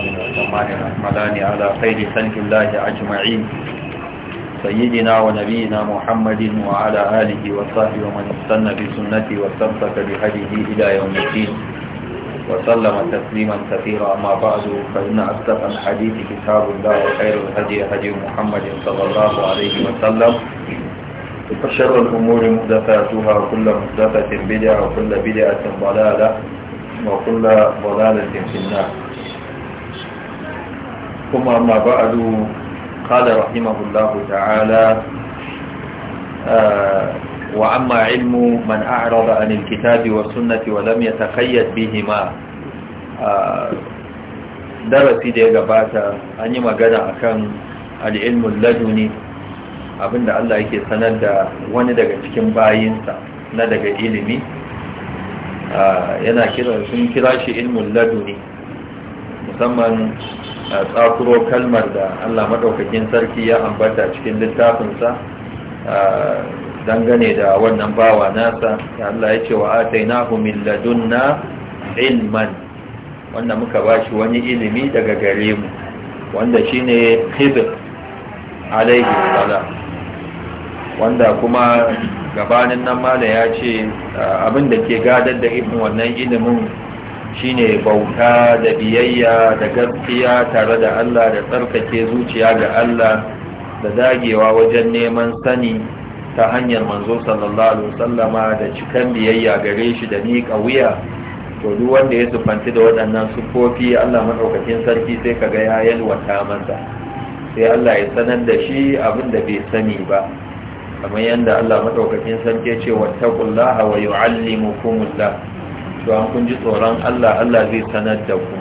السلام والسلمان الرحملان على خير خلق الله أجمعين سيدنا ونبينا محمد وعلى آله وصحبه ومن استنى بسنته واستمسك بهديه إلى يوم الدين وسلم تسليما كثيرا أما بعد فإن أصدق الحديث كتاب الله وخير الهدي هدي محمد صلى الله عليه وسلم وشر الأمور مهدفاتها وكل مهدفة بدعة وكل بدعة ضلالة وكل ضلالة في النار ثم أما بعد قال رحمه الله تعالى آه وعما علم من أعرض عن الكتاب والسنة ولم يتقيد بهما آه darasi da ya gabata an yi magana akan al'ilmun laduni abinda Allah yake sanar da wani daga cikin bayinsa na daga ilimi yana kira sun kira shi ilmun laduni musamman tsakuro kalmar da Allah maɗaukakin sarki ya ambata cikin littafinsa dangane da wannan bawa nasa Allah ya ce wa atainahu min ladunna ilman wanda muka bashi wani ilimi daga gare mu wanda shine hibir alaihi salam wanda kuma gabanin nan mala ya ce abin ke gadar da ibn wannan ilimin shine bauta da biyayya da gaskiya tare da Allah da tsarkake zuciya ga Allah da dagewa wajen neman sani ta hanyar manzo sallallahu alaihi wasallama da cikan biyayya gare shi da ni wuya to duk wanda ya sufanci da waɗannan sufofi Allah madaukakin sarki sai kaga ya yalwata masa sai Allah ya sanar da shi abin da bai sani ba kamar yadda Allah madaukakin sarki ya ce wattaqullaha wa yu'allimukumullah cewa kun ji tsoron Allah Allah zai sanar da ku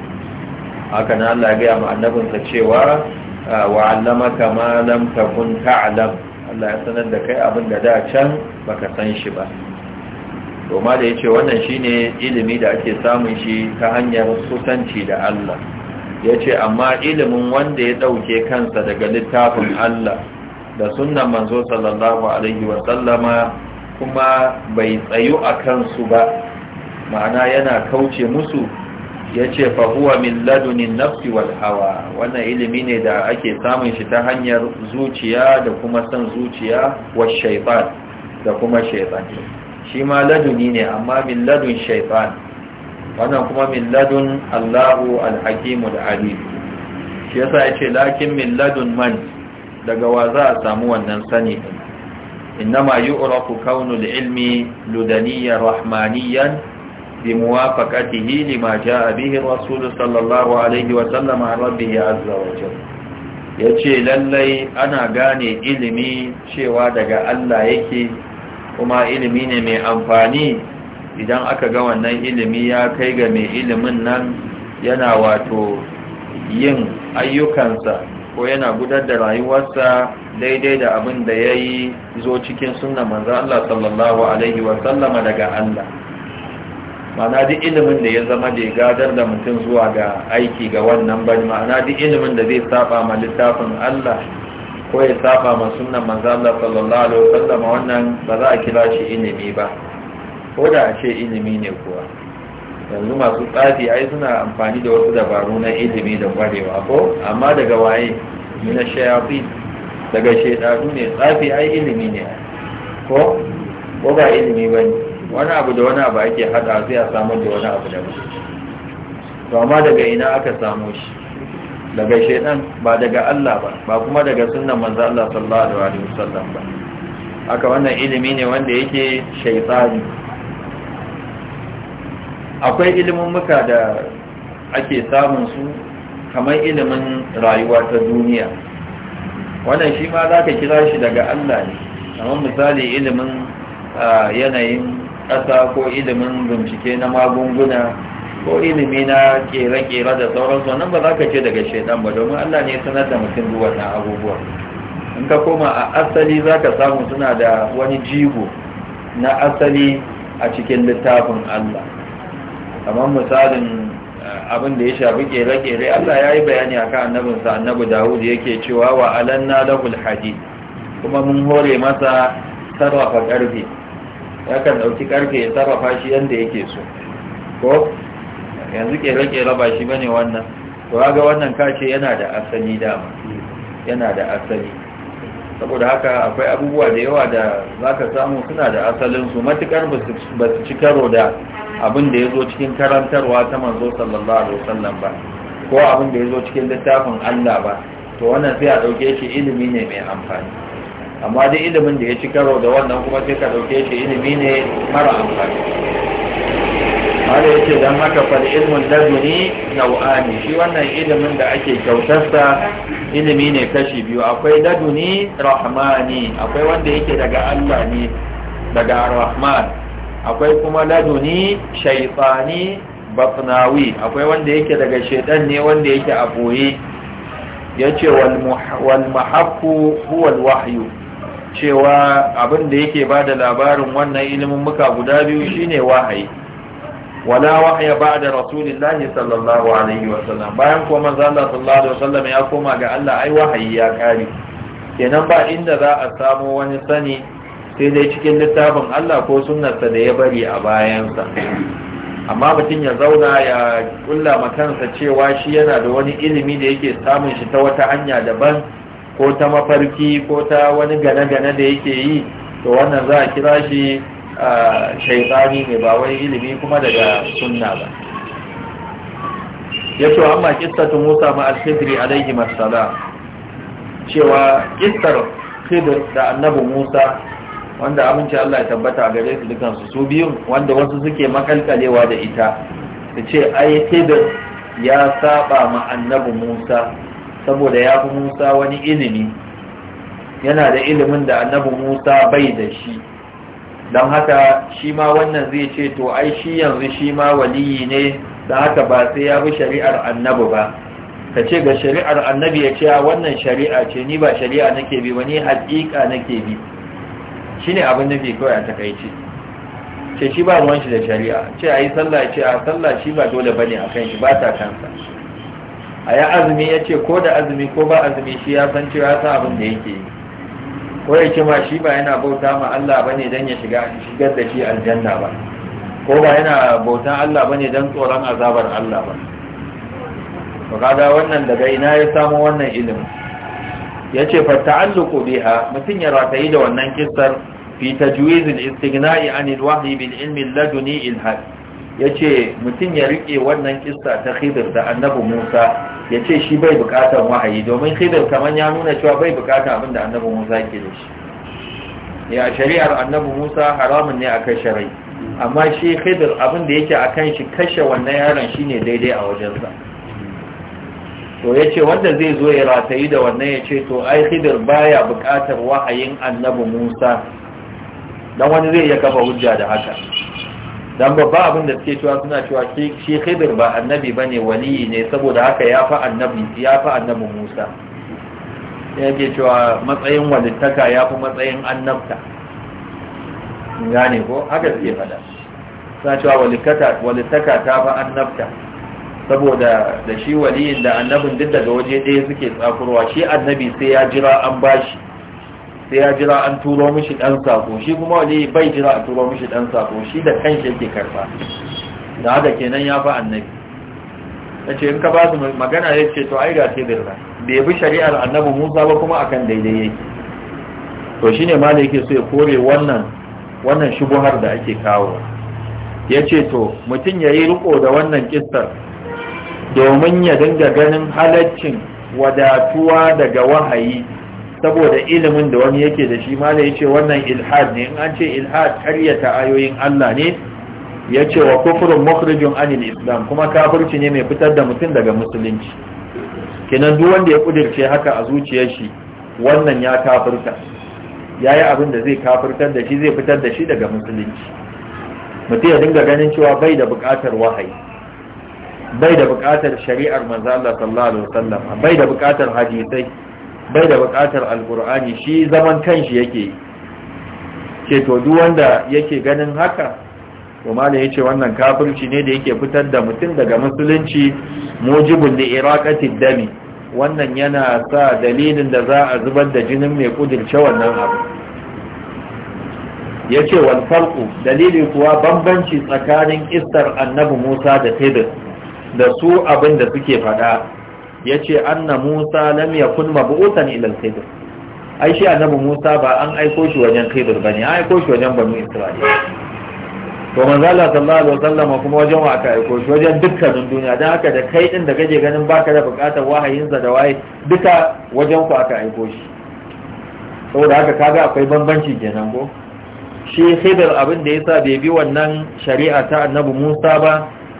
haka na Allah gaya annabin annabinsa cewa ah, wa allamaka ma lam takun ta'lam Allah ya sanar da kai abin da da can baka san shi ba ma da yace wannan shine ilimi da ake samun shi ta hanyar kusanci da Allah yace amma ilimin wanda ya dauke kansa daga littafin Allah da sunnan manzo sallallahu alaihi wa sallama kuma bai tsayu a su ba ma'ana yana kauce musu ya ce fahuwa min ladunin nafsi wal hawa wannan ilimi ne da ake samun shi ta hanyar zuciya da kuma son zuciya wa shaifan da kuma shaifan shi ma laduni ne amma min ladun shaifan wannan kuma min ladun allahu da ali shi yasa ya ce lakin min ladun man daga wa za a samu wannan sani innama yu'rafu kaunul ilmi ludaniyan rahmaniyan بموافقته لما جاء به الرسول صلى الله عليه وسلم عن ربه عز وجل yace lallai ana gane ilimi cewa daga Allah yake kuma ilimi ne mai amfani idan aka ga wannan ilimi ya kai ga mai ilimin nan yana wato yin ayyukansa ko yana gudar da rayuwarsa daidai da abin da ya yi zo cikin sunan manzo Allah sallallahu alaihi wasallama daga Allah ma'ana duk ilimin da ya zama da ya gadar da mutum zuwa ga aiki ga wannan bane ma'ana duk ilimin da zai saba ma littafin Allah ko ya saba ma sunan manzo Allah sallallahu alaihi wasallam wannan ba za a kira shi ilimi ba ko da a ce ilimi ne kuwa yanzu masu tsafi ai suna amfani da wasu dabaru na ilimi da kwarewa ko amma daga waye ni na shayafi daga shedadu ne tsafi ai ilimi ne ko ko ba ilimi bane wani abu da wani abu ake hada sai a samu da wani abu da to amma daga ina aka samu shi daga shaidan ba daga Allah ba ba kuma daga sunnan manzo Allah sallallahu alaihi wasallam ba haka wannan ilimi ne wanda yake shaytani akwai ilimin muka da ake samun su kamar ilimin rayuwa ta duniya wannan shi ma za ka kira shi daga Allah ne kamar misali ilimin ah, yanayin ƙasa ko ilimin bincike na magunguna ko ilimi na ƙera-ƙera da sauransu nan ba za ka ce daga shaidan ba domin Allah ne sanar da mutum duk na abubuwa in ka koma a asali za ka samu suna da wani jigo na asali a cikin littafin Allah kamar misalin eh, abin da ya shafi ƙera ƙere Allah ya yi bayani a kan annabinsa annabi Dawud ke cewa wa alanna lahul hadid kuma mun hore masa sarrafa ƙarfe yakan ɗauki ƙarfe ya sarrafa shi yadda yake so ko yanzu ƙera-ƙera ba shi bane wannan to ga wannan kace yana da asali dama yana da asali saboda haka akwai abubuwa da yawa da za ka samu suna da asalinsu matukar ba su ci karo da abin da ya zo cikin karantarwa ta manzo sallallahu alaihi wasallam ba ko abin da ya zo cikin littafin Allah ba to wannan sai a ɗauke shi ilimi ne mai amfani amma dai ilimin da ya ci karo da wannan kuma sai ka dauke shi ilimi ne mara amfani ya ce don haka fal ilmin laduni nau'ani shi wannan ilimin da ake kyautarsa ilimi ne kashi biyu akwai laduni rahmani akwai wanda yake daga Allah ne daga rahman akwai kuma laduni shaifani batnawi akwai wanda yake daga shaidan ne wanda yake a boye ya ce wal huwa wahyu cewa abin da yake ba da labarin wannan ilimin muka guda biyu shine wahayi wala wahaya ba'da rasulillahi sallallahu alaihi wasallam bayan kuma manzo Allah sallallahu alaihi wasallam ya koma ga Allah ai wahayi ya kare kenan ba inda za a samu wani sani sai dai cikin littafin Allah ko sunnarsa da ya bari a bayansa amma mutum ya zauna ya kulla kansa cewa shi yana da wani ilimi da yake samun shi ta wata hanya daban ko ta mafarki ko ta wani gane-gane da yake yi to wannan za a kira shi a shaitani ne ba wai ilimi kuma daga sunna ba ya ce amma ta musa ma'al a alaihi masala cewa kistar khidr da annabi musa wanda abinci Allah ya tabbata a gare su dukansu su biyu wanda wasu suke makalkalewa da ita su ce ai ya saba ma annabi musa saboda ya fi musa wani ilimi yana da ilimin da annabi musa bai da shi don haka shi ma wannan zai ce to ai shi yanzu shi ma waliyi ne da haka ba sai ya bi shari'ar annabi ba ka ce ga shari'ar annabi ya ce wannan shari'a ce ni ba shari'a nake bi wani haƙiƙa nake bi shi ne abin nufi kawai a takaici ce shi ba ruwan shi da shari'a ce a yi sallah ce a sallah shi ba dole ba ne a kan shi ba ta kansa a ya azumi ya ce ko da azumi ko ba azumi shi ya san cewa sa abin da yake yi ko ya ce ma shi ba yana bauta ma Allah ba ne don ya shiga shigar da shi aljanna ba ko ba yana bautan Allah ba ne don tsoron azabar Allah ba Ba kada wannan daga ina ya samu wannan ilimin ya ce fa ta'alluqu biha mutum ya ratayi da wannan kistar, fi tajwizil istigna'i an wahyi bil ilmi laduni ilhad ya ce mutum ya riƙe wannan kista ta khidir da annabi musa ya ce shi bai buƙatar wahayi domin khidir kamar ya nuna cewa bai buƙatar abin da annabi musa ke da shi ya shari'ar annabi musa haramun ne a kan shari'i amma shi khidir abin da yake a kan shi kashe wannan yaron shi ne daidai a wajensa to ya ce wanda zai zo ya ratayi da wannan ya ce to ai khidir baya bukatar wahayin annabi musa Dan wani zai iya kafa hujja da haka dan babba abin da suke cewa suna cewa shi khidir ba annabi bane waliyi ne saboda haka ya fa annabi ya fa annabi Musa yake cewa matsayin walittaka ya fi matsayin annabta gane ko haka suke fada suna cewa walittaka ta fi annabta saboda da shi waliyin da annabin duk daga waje ɗaya suke tsakurwa shi annabi sai ya jira an bashi sai ya jira an turo mishi dan sako shi kuma wani bai jira a turo mishi dan sako shi da kanshi yake karfa da haka kenan ya fa annabi yace in ka ba su magana yace to ai ga sai birra bai bi shari'ar annabi Musa ba kuma akan daidai yake to shine ma da yake so ya kore wannan wannan shubuhar da ake kawo yace to mutum yayi riko da wannan kissar domin ya dinga ganin halaccin wadatuwa daga wahayi saboda ilimin da wani yake da shi ya ce wannan ilhad ne in an ce ilhad karyata ayoyin Allah ne ce wa kufrun mukhrijun anil islam kuma kafirci ne mai fitar da mutum daga musulunci Kinan duk wanda ya kudirce haka a zuciyar shi wannan ya kafirta yayi abin da zai kafirtar da shi zai fitar da shi daga musulunci mutum ya dinga ganin cewa bai da buƙatar wahayi bai da buƙatar shari'ar manzo Allah sallallahu alaihi wasallam bai da buƙatar hadisai bai da buƙatar alkur'ani shi zaman kanshi yake ce to duk wanda yake ganin haka to malam yace wannan kafirci ne da yake fitar da mutum daga musulunci mujibul li iraqati dami wannan yana sa dalilin da za a zubar da jinin mai kudirce wannan abu yace wal farqu dalili kuwa bambanci tsakanin istar annabi Musa da tebis, da su abinda suke faɗa yace anna Musa lam yakun mab'utan ila al-Khidr ai shi annabi Musa ba an aiko shi wajen Khidr bane an aiko shi wajen Banu Isra'ila to manzo Allah sallallahu alaihi wasallam kuma wajen wa aka aiko shi wajen dukkanin duniya dan haka da kai din da kaje ganin baka da bukatar wahayin sa da waye duka wajen ku aka aiko shi saboda haka kaga akwai bambanci kenan ko shi Khidr abin da yasa bai bi wannan shari'a ta annabi Musa ba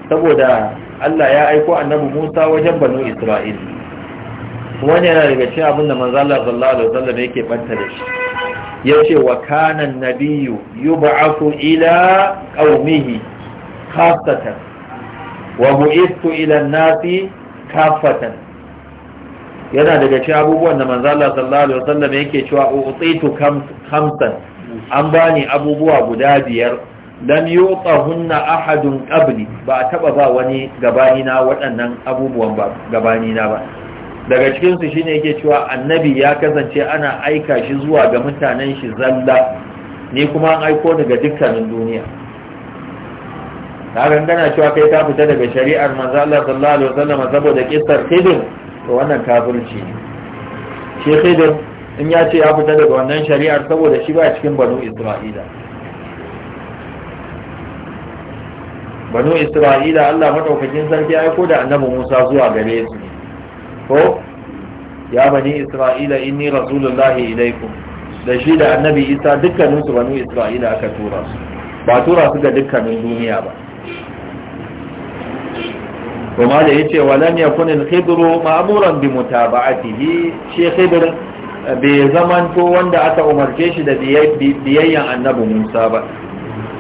saboda Allah ya aiko annabi Musa wajen banu Isra'il wani yana daga cikin abin da manzo Allah sallallahu alaihi wasallam yake banta da shi yace wa kana an-nabiyyu yub'athu ila qaumihi khassatan wa bu'ithu ila an-nasi kaffatan yana daga cikin abubuwan da manzo Allah sallallahu alaihi wasallam yake cewa utitu khamsan an bani abubuwa guda biyar lam yuqahunna ahadun qabli ba a taba ba wani gabani na waɗannan abubuwan ba gabani na ba daga cikin su shine yake cewa annabi ya kasance ana aika shi zuwa ga mutanen shi zalla ni kuma an aiko daga dukkanin duniya ta gangana cewa kai ta fita daga shari'ar manzo Allah sallallahu alaihi wasallam saboda kissar khidr to wannan kafirci ne shi khidr in ya ce ya fita daga wannan shari'ar saboda shi ba cikin banu isra'ila banu isra'ila Allah maɗaukakin sarki ya aiko da annabi Musa zuwa gare su ko ya bani isra'ila inni rasulullahi ilaikum da shi da annabi Isa dukkanin su banu isra'ila aka tura su ba tura su ga dukkanin duniya ba kuma da yace walan yakun al-khidru ma'muran bi mutaba'atihi shi khidr eh, bai zamanto wanda aka umarce shi da biyayyan annabi Musa ba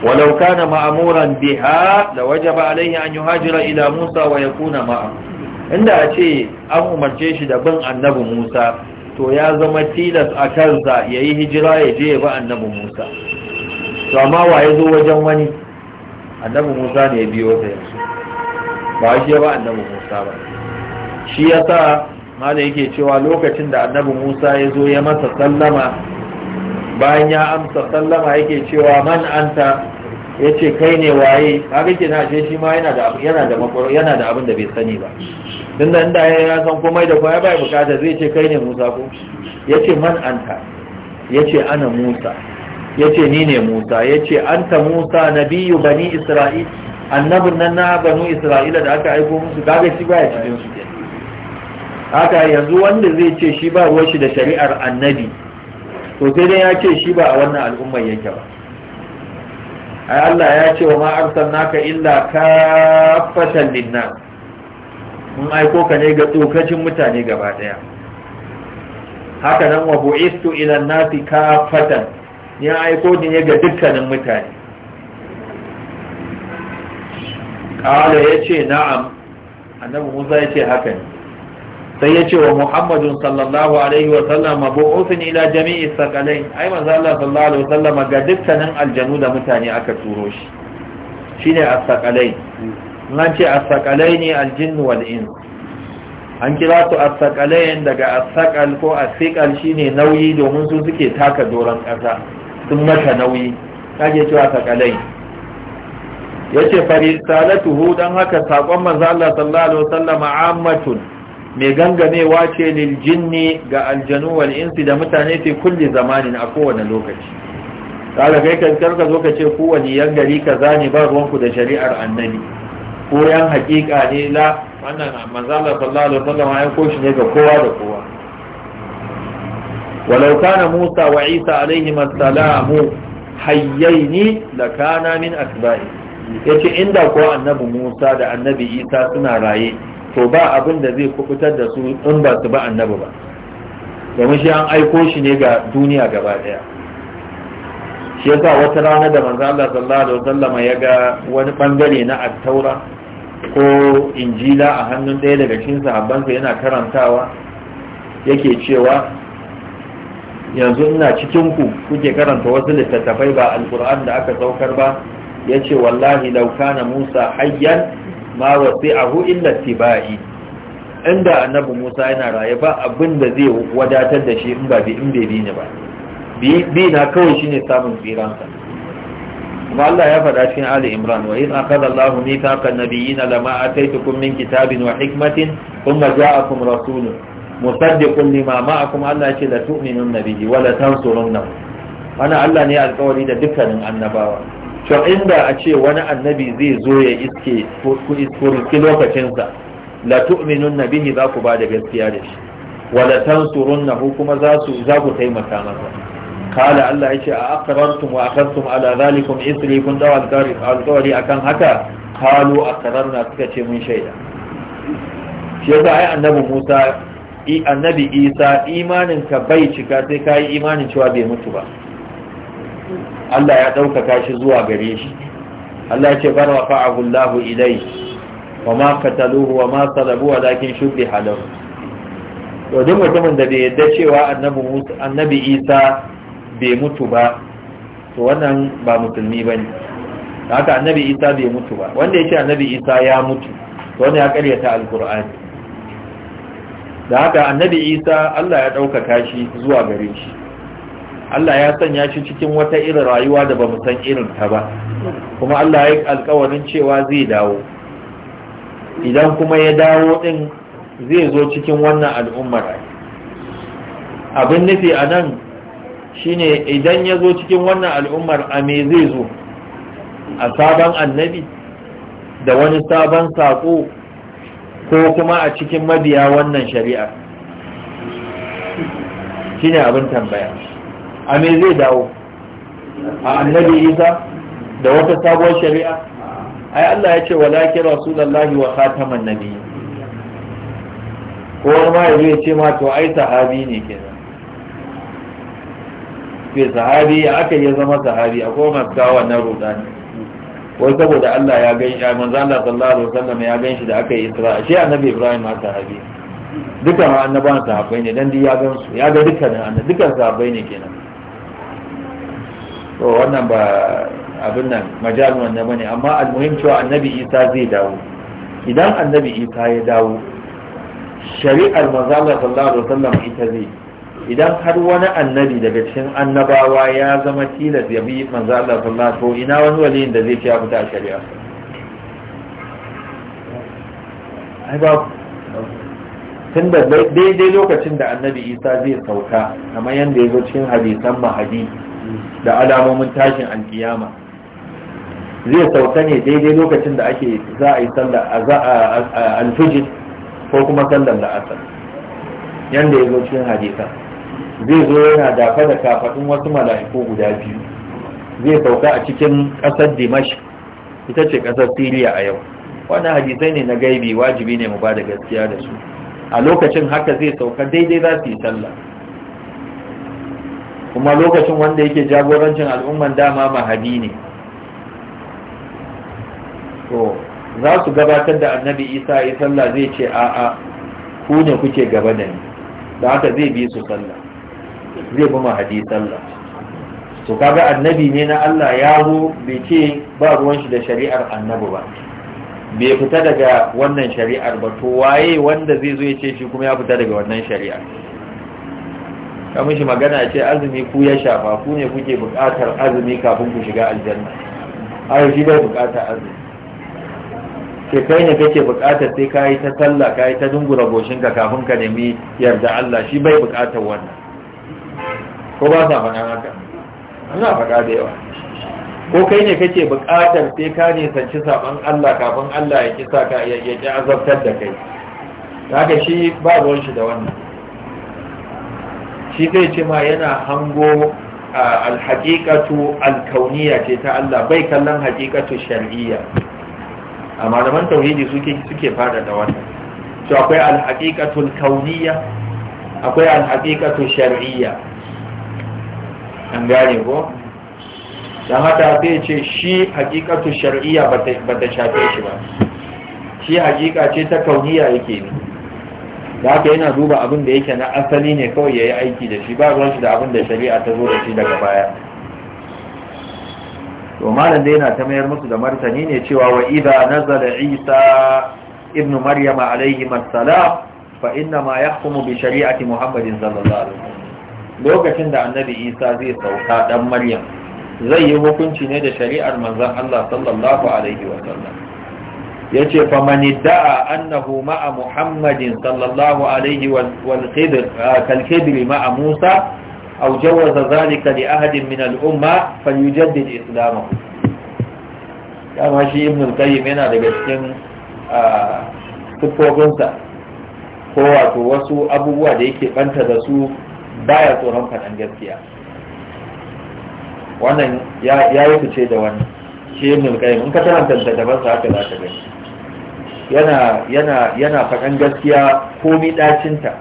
ولو كان مأمورا بها لوجب عليه أن يهاجر إلى موسى ويكون معه عند أشي أمو مرجيش دبن النبو موسى to ya zama tilas a kansa ya yi hijira ya je ya bi annabi musa to amma wa ya zo wajen wani annabi musa ne ya biyo ta yanzu ba shi ya ba annabi musa ba shi ya sa mala yake cewa lokacin da annabi musa ya zo ya masa sallama bayan ya amsa sallama yake cewa man anta ya ce kai ne waye haka ke na shi ma yana da abin da bai sani ba tun da inda ya san komai da kuma ya bai bukata zai ce kai ne musa ko ya ce man anta ya ce ana musa ya ce ni ne musa ya ce anta musa na biyu bani isra'il annabun nan na banu isra'ila da aka aiko musu kaga shi baya cikin su haka yanzu wanda zai ce shi ba ruwa shi da shari'ar annabi to sai dai ya ce shi ba a wannan al'ummar yake ba ai Allah ya ce wa ma ka illa kaffatan linna mun aiko ka ne ga tsokacin mutane gaba daya haka nan wa bu'istu ila nasi kaffatan ya aiko ne ga dukkanin mutane ya yace na'am annabi Musa yace haka ne sai ya ce wa muhammadun sallallahu alaihi wa sallama sallam mabu'ufin ila jami'i sakalai ai manzo Allah sallallahu alaihi wa sallam ga dukkanin aljanu da mutane aka turo shi shine as-sakalai nan ce as-sakalai ne aljin wal ins an kira su as-sakalain daga as-sakal ko as-sikal shine nauyi domin su suke taka doron kasa sun mata nauyi kage cewa sakalai yace farisalatuhu dan haka sakon manzo Allah sallallahu alaihi wa sallama ammatun mai gangamewa ce lil jinni ga aljanu wal insi da mutane fi kulli zamanin a kowane lokaci kaga kai kan karka zo ka ce ku wani yan gari ka ne ba ruwanku da shari'ar annabi ko yan hakika ne la wannan manzala sallallahu alaihi wasallam ya koshi ne ga kowa da kowa walau kana Musa wa Isa alaihi assalamu hayyaini kana min asba'i yace inda ko annabi Musa da annabi Isa suna raye to ba abin da zai kubutar da su in ba su ba annabi ba domin shi an aiko shi ne ga duniya gaba daya shi yasa wata rana da manzo Allah sallallahu alaihi wasallam ya ga wani bangare na at-taura ko injila a hannun ɗaya daga cikin sahabbansa yana karantawa yake cewa yanzu ina cikin ku kuke karanta wasu littattafai ba alquran da aka saukar ba yace wallahi law kana Musa hayyan ma wasi'ahu illa tibai inda annabi Musa yana raye ba abin da zai wadatar da shi in ba bi in bai bi ne ba bi na kawai shine samun tsiransa kuma Allah ya faɗa cikin Ali Imran wa in akhadha Allah mithaqan nabiyina lama ataitukum min kitabin wa hikmatin thumma ja'akum rasulun musaddiqun lima ma'akum Allah ya ce la tu'minun nabiyyi wa la tansurunnahu ana Allah ne alƙawari da dukkanin annabawa to inda a ce wani annabi zai zo ya iske kurki lokacinsa la tu'minun nabihi za ku ba da gaskiya da shi wa la tansurunnahu kuma za su za ku taimaka masa kala Allah yace a aqrartum wa akhadtum ala zalikum isri kun dawa alqawli akan haka qalu aqrarna suka ce mun shaida shi yasa ai annabi Musa annabi Isa imanin ka bai cika sai kai imanin cewa bai mutu ba Allah ya ɗaukaka shi zuwa gare shi Allah ya ce bar rafa'ahu Allah ilayhi wa ma qataluhu wa ma salabu walakin shubbiha lahu to duk mutumin da bai yadda cewa annabi Isa bai mutu ba to wannan ba musulmi ba bane haka annabi Isa bai mutu ba wanda ya ce annabi Isa ya mutu to wani ya karyata alqur'ani da haka annabi Isa Allah ya ɗaukaka shi zuwa gare shi Allah ya sanya shi cikin wata irin rayuwa da ba mu san irin ta ba kuma Allah ya alkawarin cewa zai dawo idan kuma ya dawo din zai zo cikin wannan al'ummar abin nufi a nan shine idan ya zo cikin wannan al'ummar a me zai zo a sabon annabi da wani sabon saƙo ko kuma a cikin mabiya wannan shari'a shine abin tambaya a me zai dawo a annabi isa da wata sabuwar shari'a ai Allah ya ce walakin rasulullahi wa khataman nabi ko wani ma yazo ya ce ma to ai sahabi ne kenan ke sahabi aka yi zama sahabi a masu kawo wannan rudani wai saboda Allah ya gan shi manzo Allah sallallahu alaihi wasallam ya gan shi da aka yi Isra shi annabi Ibrahim ma sahabi dukkan annabawan sahabbai ne dan duk ya gan su ya ga dukkanin annabi dukkan sahabbai ne kenan to wannan ba abin nan majalin wannan bane amma almuhim cewa annabi isa zai dawo idan annabi isa ya dawo shari'ar manzala sallallahu alaihi wasallam ita zai idan har wani annabi daga cikin annabawa ya zama tilas ya bi manzala sallallahu to ina wani waliyin da zai ci abu fita shari'a ai ba tun da daidai lokacin da annabi isa zai sauka kamar yadda ya zo cikin hadisan mahadi da alamomin tashin alkiyama zai sauka ne daidai lokacin da ake za a yi sallar alfijir ko kuma sallar da asar. yadda ya zo cikin hadisa zai zo yana dafa da kafaɗin wasu mala'iku guda biyu zai sauka a cikin ƙasar dimash ita ce ƙasar siriya a yau wannan hadisai ne na gaibi wajibi ne mu bada gaskiya da su a lokacin haka zai sauka daidai za su yi sallah kuma lokacin wanda yake jagorancin al'umman dama mahadi ne to za su gabatar da annabi isa ya sallah zai ce a'a ku ne kuke gaba da ni da haka zai bi su sallah zai bi mahadi sallah to kaga annabi ne na Allah ya zo bai ce ba ruwan shi da shari'ar annabi ba bai fita daga wannan shari'ar ba to waye wanda zai zo ya ce shi kuma ya fita daga wannan shari'ar ka mishi magana ce azumi ku ya shafa ku ne kuke buƙatar azumi kafin ku shiga aljanna ai shi bai buƙatar azumi ke kai ne kake buƙatar sai ka yi ta sallah ka yi ta dungura goshinka kafin ka nemi yarda Allah shi bai buƙatar wannan ko ba sa faɗa haka ana faɗa da yawa ko kai ne kake buƙatar sai ka ne sanci saban Allah kafin Allah ya kisa ka ya ki azabtar da kai haka shi ba ruwan shi da wannan shi zai ce ma yana hango alhaƙiƙatu alkauniya ce ta Allah bai kallon haƙiƙatu shari'iya. a malaman tauhidi suke suke fada da wannan to akwai alhaƙiƙatu alkauniya akwai alhaƙiƙatu shari'iya. an gane ko dan haka zai ce shi haƙiƙatu shari'iya ba ta shafe shi ba shi haƙiƙa ce ta kauniya yake ne da haka yana duba abin da yake na asali ne kawai ya yi aiki da shi ba ruwan shi da abin da shari'a ta zo da shi daga baya to malam da yana ta mayar musu da martani ne cewa wa idza nazala isa Ibn maryama Alayhi assalam fa inna ma yahkumu bi shari'ati muhammadin sallallahu alaihi wasallam lokacin da annabi isa zai sauka dan maryam zai yi hukunci ne da shari'ar manzon Allah sallallahu alaihi wasallam yace fa man da'a annahu ma'a muhammadin sallallahu alaihi wal khidr uh, kal khidr ma'a musa aw jawaza zalika li ahadin min al'umma umma islamu. islamahu dama shi ibn al-qayyim yana daga cikin tufofinsa uh, ko wato wasu abubuwa da yake banta da su baya tsoron faɗan gaskiya wannan ya yi fice da wani shi ibn al-qayyim in ka da tantantaban sa haka za ka gani yana faɗan gaskiya komi ɗacinta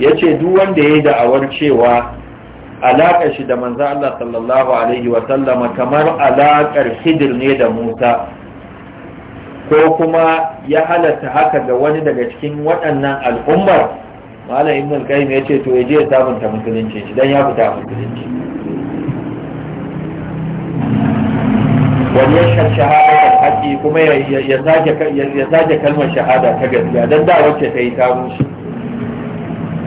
ya ce duk wanda ya yi da'awar cewa alaƙar shi da manzo Allah sallallahu alaihi wa kamar alaƙar hidir ne da Musa ko kuma ya halatta haka ga wani daga cikin waɗannan al'ummar malam ibn al-qayyim yace to yaje ya sabunta musulunci shi dan ya fita musulunci wani ya shahada faɗi kuma ya zage kalmar shahada ta gaskiya don da wacce ta yi ta rushe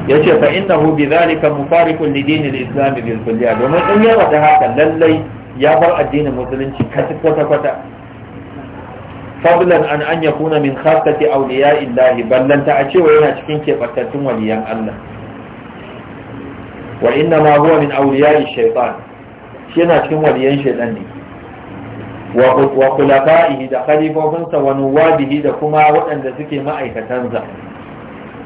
ya ce fa inna hu bi zalika mufarikun li dinil islam bil kulliya domin in ya wata haka lallai ya bar addinin musulunci kaci kwata kwata fadlan an an yakuna min khassati awliya illahi ballanta a cewa yana cikin keɓantattun waliyan Allah wa inna ma huwa min awliya shaytan shi yana cikin waliyan shaytan ne wa khulafa'ihi da khalifofinsa wa nuwadihi da kuma waɗanda suke ma'aikatansa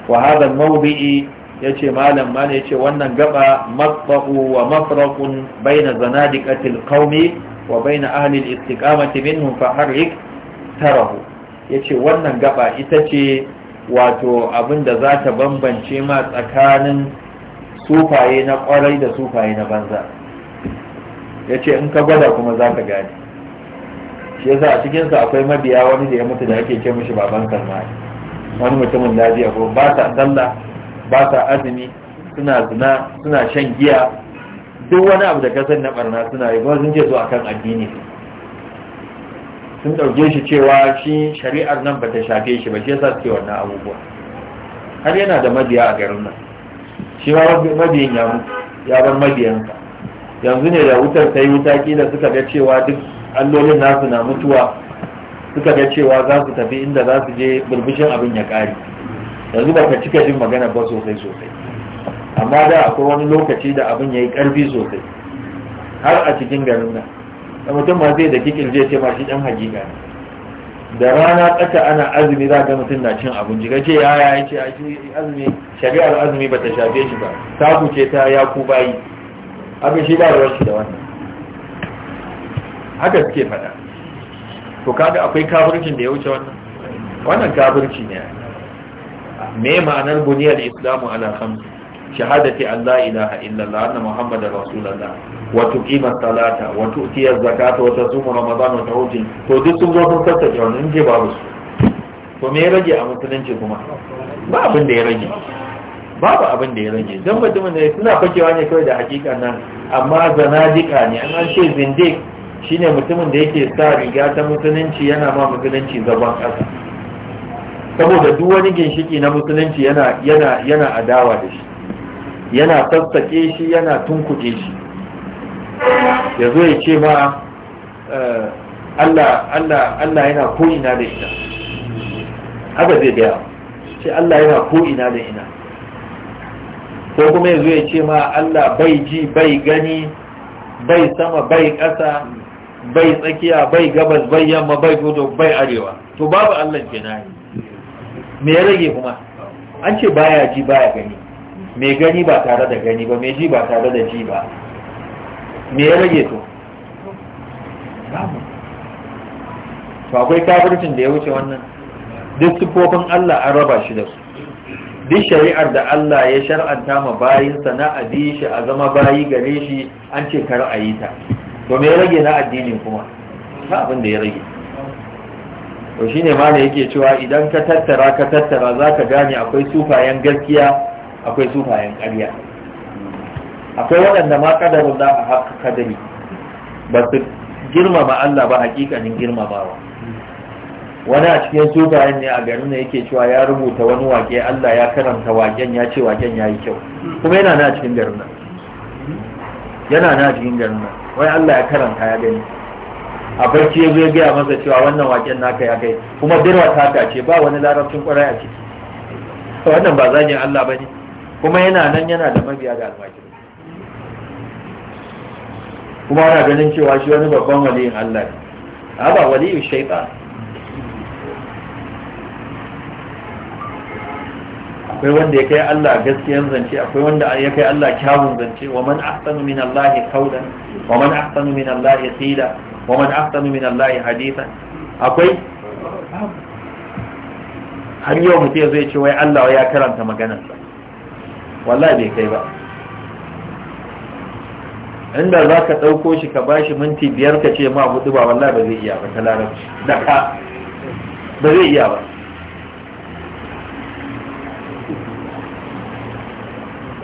wa hadha mawdi'i yace malam ma yace wannan gaba matsahu wa mafraqun baina zanadiqatil qaumi wa baina ahli al-istiqamati minhum fa tarahu yace wannan gaba ita ce wato abinda za ta bambance ma tsakanin sufaye na kwarai da sufaye na banza yace in ka gwada kuma za ka gane shi yasa a cikin sa akwai mabiya wani da ya mutu da ake ce mishi baban salman wani mutumin lafiya ko ba sa sallah ba sa azumi suna zina suna shan giya duk wani abu da kasan na barna suna yi sun je su akan addini sun ɗauke shi cewa shi shari'ar nan ba ta shafe shi ba shi yasa suke wannan abubuwa har yana da mabiya a garin nan shi ma mabiyin ya bar mabiyansa yanzu ne da wutar ta yi wuta kila suka ga cewa duk allolin nasu na mutuwa suka ga cewa za su tafi inda za su je burbushin abin ya ƙare yanzu ba ka cika jin magana ba sosai sosai amma da akwai wani lokaci da abin ya yi ƙarfi sosai har a cikin garin nan da mutum ma zai da kikin zai ce mashi ɗan hakika ne da rana tsaka ana azumi za ga mutum na cin abinci ga ce ya ya ce azumi shari'ar azumi ba ta shafe shi ba ta ce ta ya ku bayi abin shi ba ruwan shi da wannan haka suke faɗa to kaga akwai kafircin da ya wuce wannan wannan kafirci ne me ma'anar buniyar islamu ala khamsi shahadati an la ilaha illallah anna muhammadar rasulullah wa tuqima salata wa tu'ti zakata wa tasuma ramadan wa tahujji to duk sun zo sun tattace in je babu su to me ya rage a musulunci kuma ba abin da ya rage babu abin da ya rage don mutumin ne suna fakewa ne kawai da hakikan nan amma zanadika ne an ce zindik shine mutumin da yake sa riga ta musulunci yana ma musulunci zaban ƙasa saboda duk wani ginshiki na musulunci yana yana yana adawa da shi yana sassake shi yana tunkuɗe shi ya zo ya ce ma eh, Allah Allah Allah yana ko'ina da ina haka zai daya ce Allah yana ko'ina da ina ko kuma ya zo ya ce ma Allah bai ji bai gani bai sama bai ƙasa bai tsakiya bai gabas bai yamma bai kudu bai arewa to babu Allah kenan me ya rage kuma an ce baya ji baya gani mai gani ba tare da gani ba mai ji ba tare da ji ba me ya rage to babu to akwai kafircin da ya wuce wannan duk sufofin Allah an raba shi da su duk shari'ar da Allah ya shar'anta ma bayinsa na abi shi a zama bayi gare shi an ce kar a yi ta to me ya rage na addinin kuma ba abin da ya rage to shine ma ne yake cewa idan ka tattara ka tattara za ka gane akwai sufayen gaskiya akwai sufayen ƙarya akwai waɗanda ma kadarun za a haka kadari ba su girmama Allah ba hakikanin girmamawa wani a cikin sufayen ne a garin da yake cewa ya rubuta wani wake Allah ya karanta waken ya ce waken ya yi kyau kuma yana na cikin garin nan yana na cikin garin nan wai Allah ya karanta ya gani a barci ya zo ya gaya masa cewa wannan waken naka ya kai kuma Birwa ta ce ba wani larabcin kwarai a ciki wannan ba zagin Allah ba ne kuma yana nan yana da mabiya da alwaki kuma ana ganin cewa shi wani babban waliyin Allah ne a ba waliyin shaitan akwai wanda ya kai Allah gaskiyar zance akwai wanda ya kai Allah kyawun zance wa man ahsanu min Allah qawlan wa man ahsanu min Allah qila wa man ahsanu min Allah hadithan akwai har yau mutum zai ce wai Allah ya karanta maganar sa wallahi bai kai ba inda za ka ɗauko shi ka bashi minti biyar ka ce ma hudu ba wallahi ba zai iya ba ta larabci da ka ba zai iya ba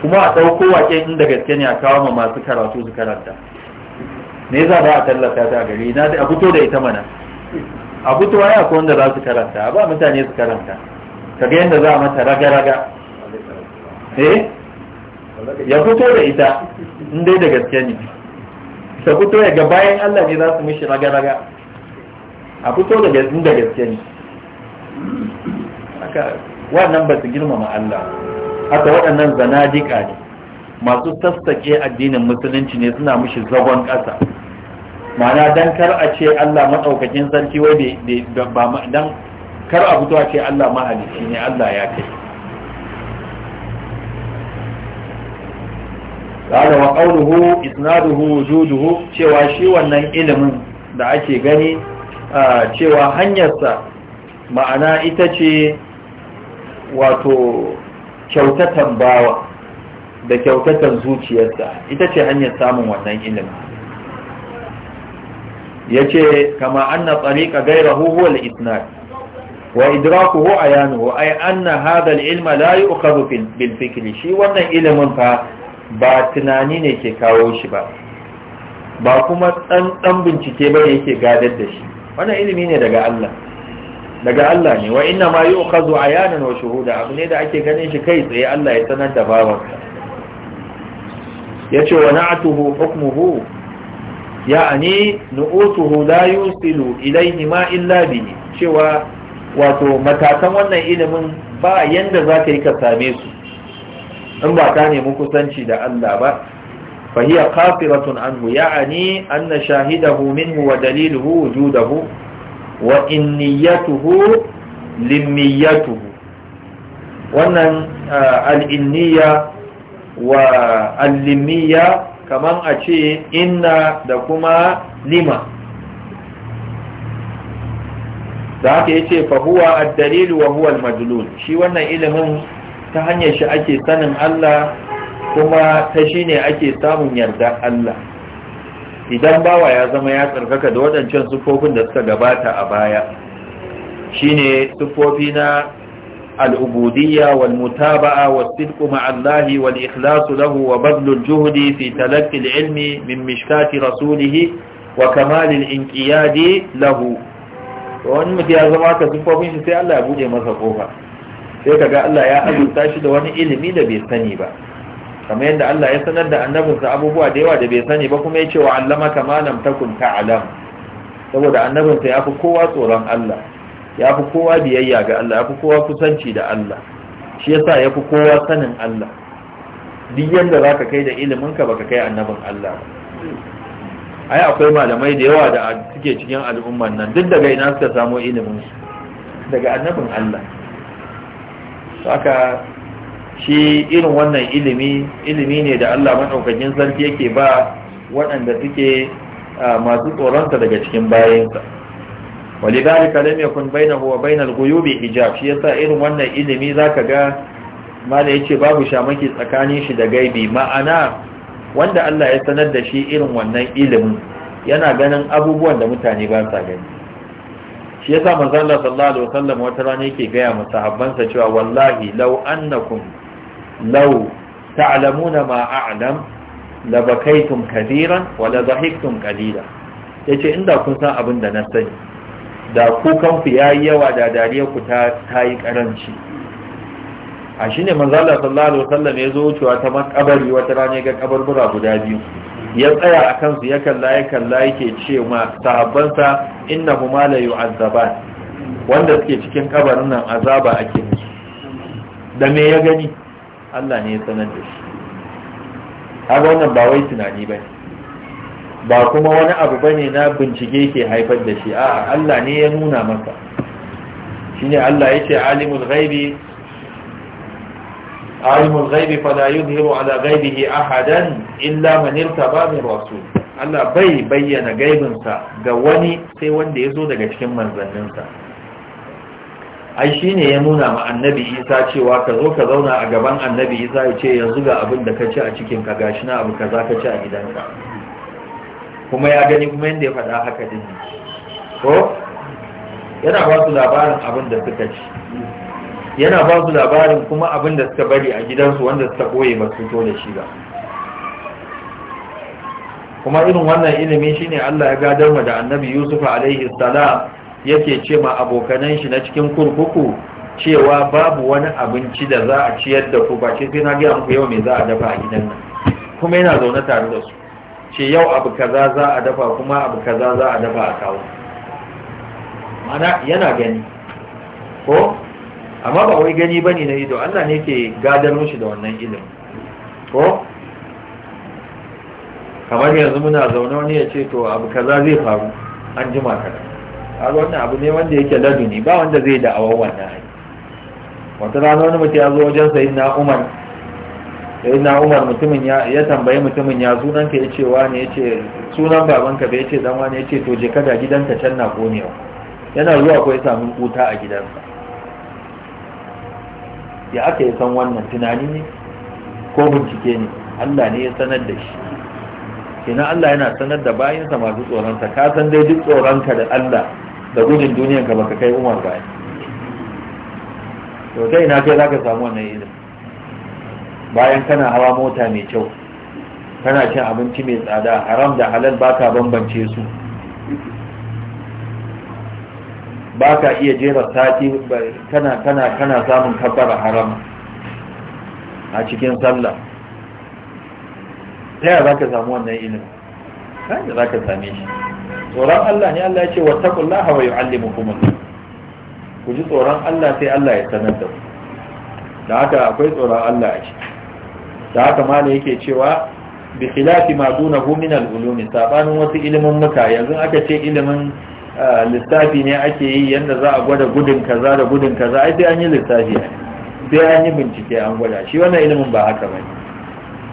kuma a ɗauko wake inda gaske ne a kawo ma masu karatu su karanta me sa ba a tallata ta gari na a fito da ita mana a fito ya ko wanda za su karanta ba mutane su karanta Ka ga yadda za a mata raga-raga eh ya fito da ita in dai da gaske ne ta fito ya ga bayan Allah ne za su mishi raga-raga a fito da gaske ne wannan ba su girmama Allah haka waɗannan zanadika ne masu sassaƙe addinin musulunci ne suna mishi zagon ƙasa ma'ana dan kar a ce Allah maɗaukakin sarki wai ba dan kar a fito a ce Allah mahalicci ne Allah ya kai Allah wa qawluhu isnaduhu wujuduhu cewa shi wannan ilimin da ake gani cewa hanyarsa ma'ana ita ce wato kyautatan bawa da kyautatan zuciyarsa ita ce hanyar samun wannan ilimin ya ce kama anna tsarika gaira al isnad wa idrakuhu ayanuhu ay anna hadha al-ilma la yu'khadhu bil fikri shi wannan ilimin fa ba tunani ne ke kawo shi ba ba kuma ɗan bincike ba yake gadar da shi wannan ilimi ne daga Allah daga Allah ne wa ina ma a ayanan wa shuhuda abu ne da ake ganin shi kai tsaye Allah ya sanar da Ya ce, wa na'atuhu hukmuhu ya'ani nu'utuhu la yusilu ilayhi ma illa bihi cewa wato matakan wannan ilimin ba yanda za ka yi ka same su in ba ka nemi kusanci da Allah ba fahiya kafiratun anhu ya'ani anna shahidahu minhu wa daliluhu wujudahu wa inniyatuhu limmiyatuhu wannan uh, al'inniya wa al'immiya kaman a ce inna da kuma lima da haka ya ce fahuwa addalilu wa huwal almajlul shi wannan ilimin ta hanyar shi ake sanin Allah kuma ta shi ne ake samun yarda Allah idan bawa ya zama ya tsarkaka da waɗancan siffofin da suka gabata a baya shine siffofi na al'ubudiyya wal mutaba'a wa sidqu ma'allahi wal ikhlasu lahu wa badlul juhudi fi talakil ilmi min mishkati rasulihi wa kamalil inkiyadi lahu wani mutu ya zama ka siffofin shi sai Allah ya bude masa kofa sai kaga Allah ya azurta shi da wani ilimi da bai sani ba kamar yadda Allah ya sanar da annabinsa abubuwa da yawa da bai sani ba kuma ya ce wa allama kama lam takun ta'lam saboda annabinsa ya fi kowa tsoron Allah ya fi kowa biyayya ga Allah ya fi kowa kusanci da Allah shi ya sa ya fi kowa sanin Allah duk yadda za ka kai da iliminka ka baka kai annabin Allah ai akwai malamai da yawa da suke cikin al'umman nan duk daga ina suka samo ilimin daga annabin Allah haka shi irin wannan ilimi ilimi ne da Allah madaukakin sarki yake ba waɗanda suke masu tsoronsa daga cikin bayansa walidhalika lam yakun bainahu wa bainal ghuyubi hijab shi yasa irin wannan ilimi zaka ga ya yace babu shamaki tsakanin shi da gaibi ma'ana wanda Allah ya sanar da shi irin wannan ilimin yana ganin abubuwan da mutane ba sa gani shi yasa manzon Allah sallallahu alaihi wasallam wata rana yake ga ya cewa wallahi law annakum lau تعلمون ما a'lam لبكيتم كثيرا ولا ضحكتم قليلا Ya ce yace inda kun san abin da na sani da kukan ku yayi yawa da dariyar ku ta tayi karanci a shine manzo Allah sallallahu alaihi wasallam ya zo wucewa ta makabari wata rana ga kabarbura guda biyu ya tsaya a kansu ya kalla ya kalla yake ce ma sahabbansa innahuma la yu'azzaban wanda suke cikin kabarin nan azaba ake da me ya gani Allah ne ya sanar da shi haka wannan ba wai tunani ba ne ba kuma wani abu ba ne na bincike ke haifar da shi a Allah ne ya nuna masa. shi ne Allah ya ce alimul ghaibi alimul ghaibi fala yuzhiru ala ghaibihi ahadan illa man irtaba min rasul Allah bai bayyana gaibinsa ga wani sai wanda ya zo daga cikin manzanninsa ai shi ne ya nuna ma annabi isa cewa ka zo ka zauna a gaban annabi isa ya ce yanzu ga abin da ka ci a cikin ka gashi na abu za ka ci a gidanka kuma ya gani kuma yadda ya faɗa haka din ko yana ba su labarin abin da suka ci yana ba su labarin kuma abin da suka bari a gidansu wanda suka ɓoye ba su to da shi ba kuma irin wannan ilimi shine Allah ya gadar mu da annabi Yusuf alaihi salam yake ce ma abokanan shi na cikin kurkuku cewa babu wani abinci da za a ciyar da ku ba ce sai na gaya muku yau me za a dafa a gidan nan kuma yana zaune tare da su ce yau abu kaza za a dafa kuma abu kaza za a dafa a kawo mana yana gani ko amma ba wai gani bane na ido Allah ne ke gadar shi da wannan ilimin ko kamar yanzu muna zaune wani ya ce to abu kaza zai faru an jima kaza kaga wannan abu ne wanda yake laduni ba wanda zai da awon wannan hali wata rana wani mutum ya zo wajen sayin na umar sayin na umar mutumin ya tambayi mutumin ya sunan ka ya ce ya ce sunan babanka ya ce dan wani ya ce to je kada gidanka can na konewa yana zuwa ko ya samu kuta a gidansa ya aka yi san wannan tunani ne ko bincike ne Allah ne ya sanar da shi Ina Allah yana sanar da bayinsa masu tsoronsa ka san dai duk tsoronka da Allah da gudun duniyanka baka kai umar ba to ta ina kai zaka samu wannan ilimi bayan kana hawa mota mai kyau kana cin abinci mai tsada haram da halal baka bambance su baka iya jera sati kana kana kana samun kabbara haram a cikin sallah ta yaya za ka samu wannan ilimin ta yaya za ka same shi tsoron Allah ne Allah ya ce wattaqullaha wa kuma ku ji tsoron Allah sai Allah ya sanar da ku da haka akwai tsoron Allah a ciki da haka ma ne yake cewa bi khilafi ma dunahu min al-ulum sabanin wasu ilimin muka yanzu aka ce ilimin uh, lissafi ne ake yi yanda za a gwada gudun kaza da gudun kaza ai sai an yi lissafi sai an yi bincike an gwada shi wannan ilimin ba haka bane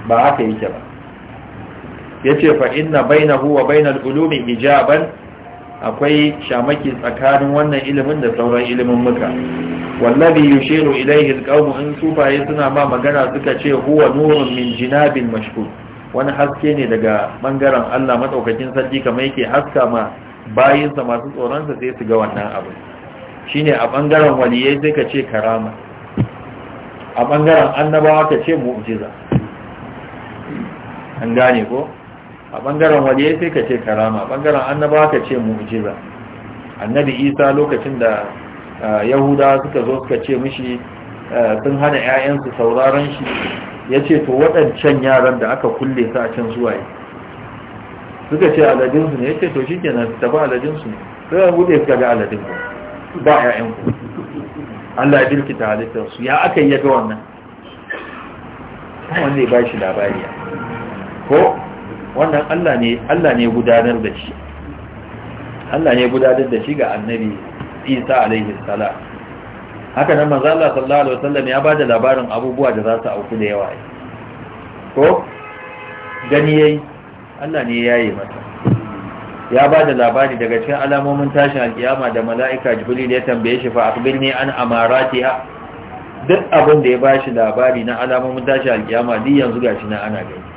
ba haka yake ba Ya ce fa na bainahu wa bainal ulumi hijaban akwai shamaki tsakanin wannan ilimin da sauran ilimin muka wallabi yushiru ilaihi alqawmu in sufaye suna ma magana suka ce huwa nurun min jinabin mashku. wani haske ne daga bangaren Allah madaukakin sarki kamar yake haska ma bayinsa masu tsoronsa sai su ga wannan abu ne a bangaren waliyai sai ka ce karama a bangaren annabawa ka ce mu'jiza an gane ko a bangaren waje sai ka ce karama bangaren annaba ka ce mu'jiza annabi isa lokacin da yahuda suka zo suka ce mishi sun hana 'ya'yansu sauraron shi ya ce to waɗancan yaran da aka kulle su a can zuwa yi suka ce aladinsu ne ya ce to shi ke nan tafi aladinsu ne sai buɗe suka ga aladinsu ba 'ya'yanku allah ya birkita halittarsu ya aka yi ya ga wannan wanda ya ba shi labari ko wannan Allah ne Allah ne gudanar da shi Allah ne gudanar da shi ga annabi Isa alaihi sala. haka nan manzo Allah sallallahu alaihi wasallam ya bada labarin abubuwa da za su auku da yawa ko gani yayi Allah ne ya yi mata ya ba da labari daga cikin alamomin tashin alkiyama da mala'ika jibril ya tambaye shi fa akbirni an amaratiha duk abin da ya ba shi labari na alamomin tashin alkiyama duk yanzu gashi na ana gani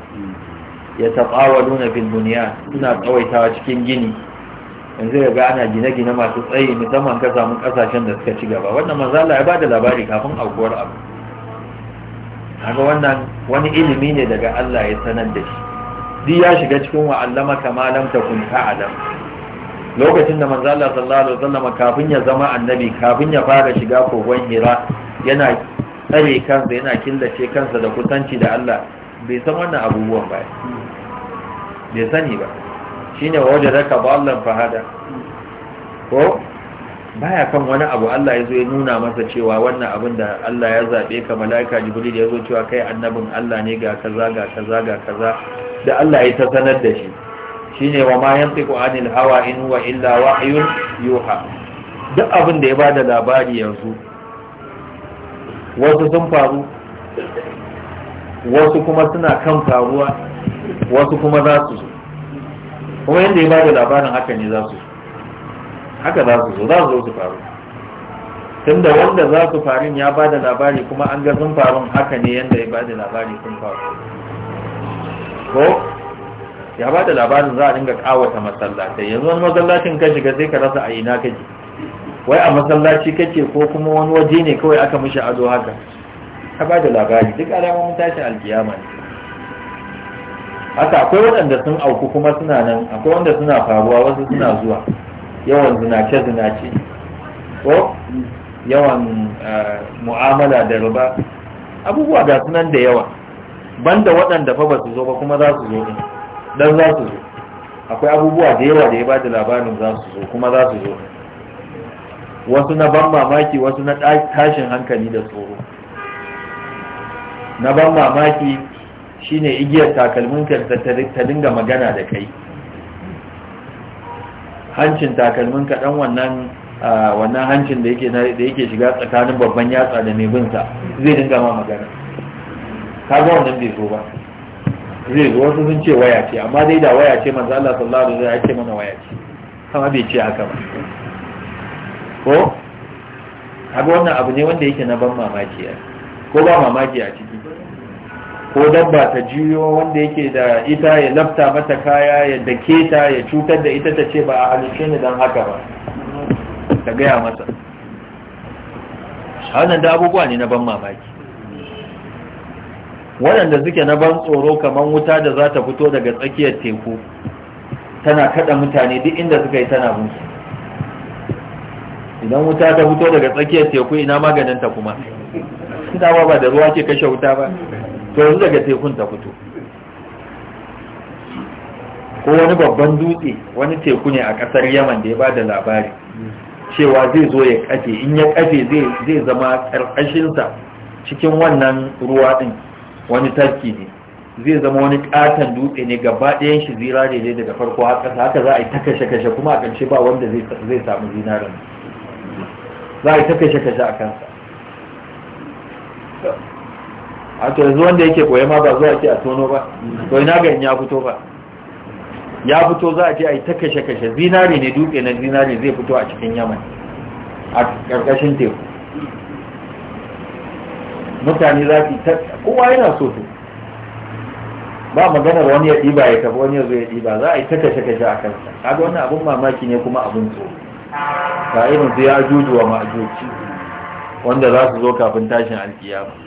ya taɓawaluna nuna bunya suna tsawaitawa cikin gini yanzu ga ana gine-gine masu tsayi musamman ka samu kasashen da suka ci gaba wannan manzala ya ba da labari kafin aukuwar abu Haka wannan wani ilimi ne daga Allah ya sanar da shi di ya shiga cikin wa'allama kama kun takun Adam. lokacin da Manzala Allah sallallahu alaihi wasallam kafin ya zama annabi kafin ya fara shiga kogon Hira yana tsare kansa yana killace kansa da kusanci da Allah bai san wannan abubuwan ba bai sani ba Shi ne wajen raka ba Allah fahada ko baya kan wani abu Allah ya zo ya nuna masa cewa wannan abin da Allah ya zaɓe ka mala'ika da ya zo cewa kai annabin Allah ne ga kaza ga kaza ga kaza da Allah ya ta sanar da shi Shi ne wa ma yantiqu anil hawa in wa illa wahyun yuha duk abin da ya da labari yanzu wasu sun faru wasu kuma suna kan faruwa wasu kuma za su zo kuma yadda ya bada labarin haka ne za su haka za su zo za su zo su faru Tun da wanda za su faru ya bada labari kuma an ga sun faru haka ne yadda ya bada labari sun faru ko ya bada labarin za a dinga kawata masallatai yanzu wani masallacin ka shiga sai ka rasa a ina kaji wai a masallaci kake ko kuma wani waje ne kawai aka mishi ado haka ka bada labari duk alamomin tashin alkiyama ne haka akwai waɗanda sun auku kuma suna nan akwai wanda suna faruwa wasu suna zuwa yawan zinace zinace ko yawan eh, mu'amala da riba abubuwa ga sunan da yawa banda waɗanda fa ba su zo ba kuma za su zo ne dan za su zo akwai abubuwa da yawa da ya ba da labarin za su zo kuma za su zo ne wasu na ban mamaki wasu na tashin hankali da tsoro na ban mamaki shine igiyar takalminka ta dinga magana da kai hancin takalminka dan wannan wannan hancin da yake da yake shiga tsakanin babban yatsa da mai binsa zai dinga ma magana ka ga wannan bai so ba zai zo wasu sun ce waya ce amma dai da waya ce manzo Allah sallallahu alaihi wasallam ya ce mana waya ce kuma bai ce haka ba ko ga wannan abu ne wanda yake na ban mamaki ko ba mamaki a ciki ko dabba ta jiyo wanda yake da ita ya lafta mata kaya ya dake ta ya cutar da ita ta ce ba a halishe ni don haka ba ta gaya masa wannan da abubuwa ne na ban mamaki waɗanda suke na ban tsoro kamar wuta da za ta fito daga tsakiyar teku tana kada mutane duk inda suka yi tana musu idan wuta ta fito daga tsakiyar teku ina maganinta kuma ina ba da ruwa ke kashe wuta ba to yanzu daga tekun ta fito ko wani babban dutse wani teku ne a kasar yaman da ya ba da labari cewa zai zo ya kafe in ya kafe zai zama sa cikin wannan ruwa din wani tarki ne zai zama wani ƙaton dutse ne gaba ɗayan shi zira ne daga farko haka za a yi ta kashe-kashe kuma a ƙarshe ba wanda zai samu zinarin za a yi ta kashe-kashe a kansa a to yanzu wanda yake koya ma ba zuwa ake a tono ba to ina ga in ya fito ba ya fito za a je a yi ta kashe-kashe Zinari ne duke na zinari zai fito a cikin yaman a ƙarƙashin teku mutane za su ta kowa yana so su ba maganar wani ya ɗiba ya tafi wani ya zo ya ɗiba za a yi ta kashe-kashe a kansa kaga wannan abin mamaki ne kuma abin tso ga irin su ya ajuju wa ma'ajoci wanda za su zo kafin tashin alkiyama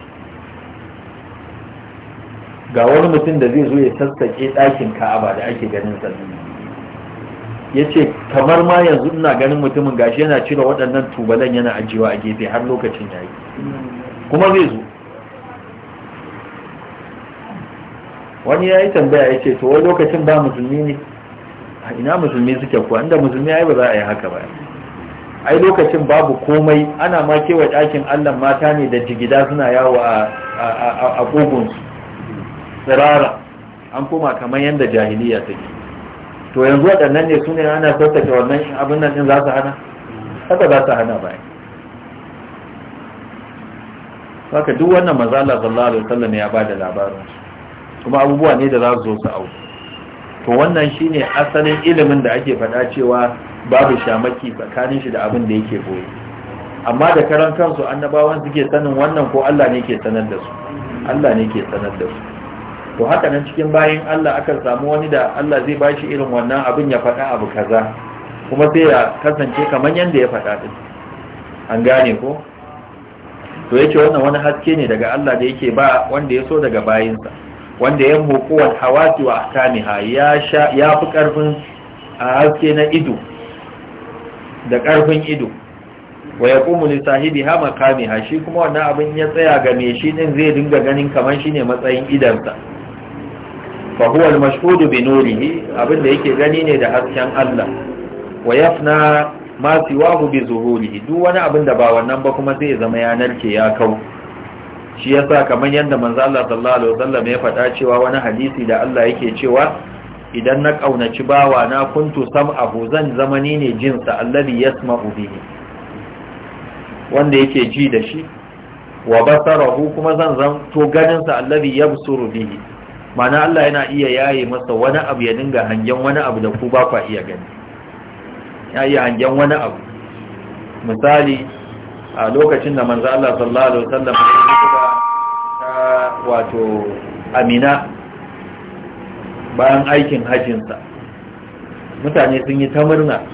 ga wani mutum da zai zo ya sassake ɗakin ka'aba da ake ganin sa ya ce kamar ma yanzu ina ganin mutumin gashi yana cire waɗannan tubalan yana ajiyewa a gefe har lokacin yi kuma zai zo wani ya yi tambaya ya ce to wai lokacin ba musulmi ne a ina musulmi suke kuwa inda musulmi ya yi ba za a yi haka ba ai lokacin babu komai ana ma kewa ɗakin allah mata ne da jigida suna yawo a ƙogunsu sirara an koma kamar yadda jahiliya take to yanzu waɗannan ne su ne ana tsaftace wannan abin nan ɗin za su hana haka za su hana bayan haka duk wannan mazala sallallahu alaihi wasallam ya bada labarin kuma abubuwa ne da za su zo su au to wannan shine asalin ilimin da ake faɗa cewa babu shamaki tsakanin shi da abin da yake boye amma da karan kansu annabawan suke sanin wannan ko Allah ne ke sanar da su Allah ne ke sanar da su to haka nan cikin bayin Allah akan samu wani da Allah zai bashi irin wannan abin ya faɗa abu kaza kuma sai ya kasance kamar yadda ya faɗa din an gane ko to yake wannan wani haske ne daga Allah da yake ba wanda ya so daga bayinsa wanda ya hukuwan hawati wa ahkamiha ya sha ya fi karfin a haske na ido da karfin ido wa sahibi li makami makamiha shi kuma wannan abin ya tsaya ga me shi din zai dinga ganin kamar shine matsayin idansa Fahuwar huwa al bi nurihi abinda yake gani ne da hasken Allah wa yafna ma siwahu bi zuhurihi duk wani abin da ba wannan ba kuma zai zama yanar ke ya kau shi yasa kamar yadda manzo Allah sallallahu alaihi wasallam ya faɗa cewa wani hadisi da Allah yake cewa idan na kaunaci bawa na kuntu sam abu, zan zamani ne jin sa allazi yasma'u bihi wanda yake ji da shi wa basarahu kuma zan zanto ganin sa allazi yabsuru bihi mana Allah yana iya yaye masa wani abu ya dinga hangen wani abu da ku ba kwa iya gani ya iya hangen wani abu misali a lokacin da manzo Allah sallallahu alaihi wasallam ta wato Amina bayan aikin hajjinsa mutane sun yi ta murna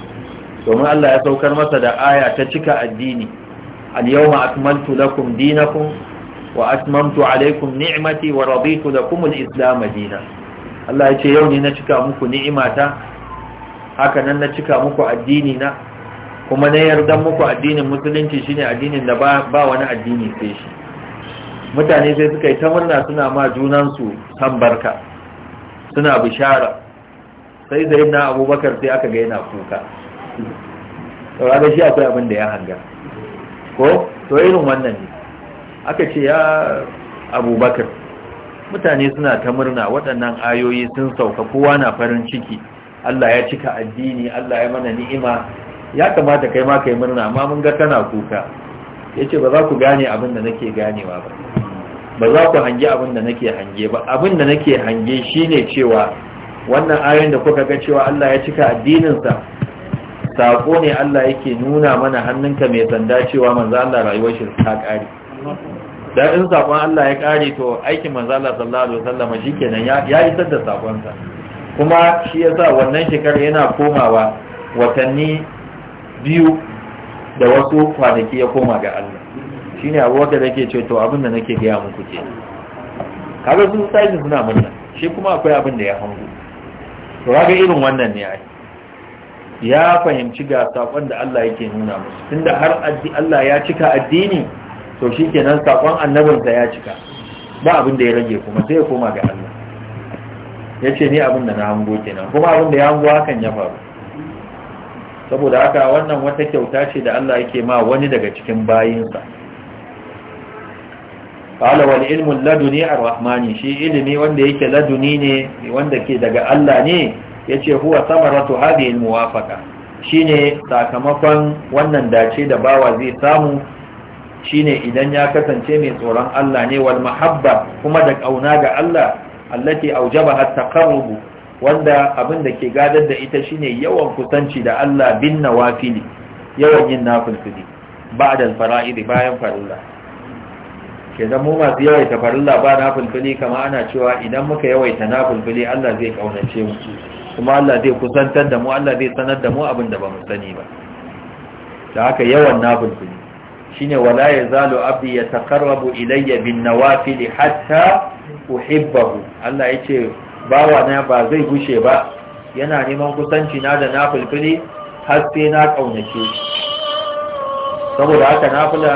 domin Allah ya saukar masa da aya ta cika addini al-yawma akmaltu lakum dinakum wa atmamtu alaikum ni'mati wa raditu lakum al-islam dinan Allah ya ce yau ne na cika muku ni'imata haka nan na cika muku addini na kuma na yarda muku addinin musulunci shine addinin da ba wani addini sai shi mutane sai suka yi ta murna suna ma junansu san barka suna bishara sai zai na abubakar sai aka ga yana kuka saurada shi akwai abin da ya hanga ko to irin wannan ne aka ce ya abubakar mutane suna ta murna waɗannan ayoyi sun sauka kowa na farin ciki Allah ya cika addini Allah ya mana ni'ima ya kamata kai ma kai murna amma mun ga kana kuka yace ba za ku gane abin da nake ganewa ba ba za ku hange abin da nake hange ba abin da nake hange shine cewa wannan ayoyin da kuka ga cewa Allah ya cika addinin sa sako ne Allah yake nuna mana hannunka mai sanda cewa manzo Allah rayuwar shi ta kare da in sakon Allah ya kare to aikin manzo Allah sallallahu alaihi wasallam shi ya ya isar da sakonsa kuma shi yasa wannan shekar yana komawa watanni biyu da wasu kwanaki ya koma ga Allah Shi ne abubakar da ke ce to abin da nake gaya muku ce kaga sun sai suna murna shi kuma akwai abin da ya hango to kaga irin wannan ne ai ya fahimci ga sakon da Allah yake nuna musu tunda har Allah ya cika addini to shi ke nan saƙon annabinsa ya cika ba abin da ya rage kuma sai ya koma ga Allah ya ce ni abin da na hango kenan kuma abin da ya hango hakan ya faru saboda haka wannan wata kyauta ce da Allah yake ma wani daga cikin bayinsa Falawal wal ilmu laduni rahmani shi ilimi wanda yake laduni ne wanda ke daga Allah ne yace huwa samaratu hadhihi almuwafaqa shine sakamakon wannan dace da bawa zai samu shine idan ya kasance mai tsoron Allah ne wal mahabba kuma da kauna ga Allah allati aujabaha taqarrub wanda abin da ke gadar da ita shine yawan kusanci da Allah bin nawafili yawan yin nafilfili ba'da fara'id bayan farilla kenan mu masu yawaita farilla ba nafilfili kama ana cewa idan muka yawaita nafilfili Allah zai kaunace mu kuma Allah zai kusantar da mu Allah zai sanar da mu abin da ba mu sani ba da haka yawan nafilfili shine wala ya yazalu abdi ya yataqarrabu ilayya bin nawafil hatta uhibbahu Allah yace bawa na ba zai gushe ba yana neman kusanci na da nafilfili har sai na kaunace shi saboda haka nafila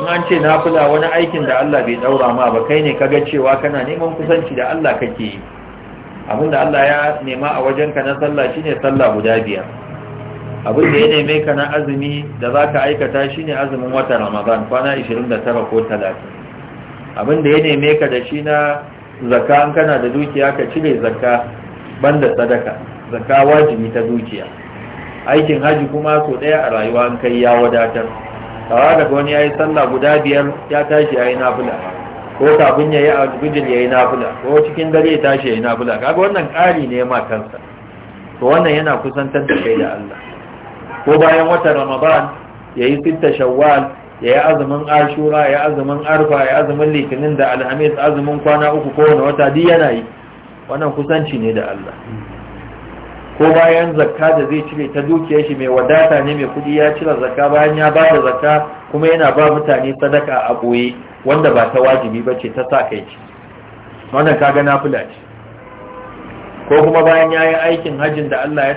in an ce nafila wani aikin da Allah bai daura ma ba kai ne kaga cewa kana neman kusanci da Allah kake yi abinda Allah ya nema a wajenka na sallah shine sallah guda biyar abin da ya neme ka na azumi da za ka aikata shi ne azumin watan ramadan kwana 29 ko 30 abin da ya neme ka da shi na zakka an kana da dukiya ka cire zaka banda sadaka zaka wajibi ta dukiya aikin haji kuma so daya a rayuwa an kai ya wadatar tawa daga wani yayi sallah guda biyar ya tashi yayi nafila ko kafin yayi ya yayi nafila ko cikin dare ya tashi yayi nafila kaga wannan ƙari ne ma kansa to wannan yana kusantar da kai da Allah ko bayan watan ramadan ya yi sitta shawwal ya yi azumin ashura ya azumin arfa ya azumin litinin da alhamis azumin kwana uku kowane wata duk yana yi wannan kusanci ne da Allah ko bayan zakka da zai cire ta dukiyar shi mai wadata ne mai kudi ya cire zakka bayan ya ba da zakka kuma yana ba mutane sadaka a boye wanda ba ta wajibi ba ce ta sa kai ce wannan kaga nafila ce ko kuma bayan ya yi aikin hajjin da Allah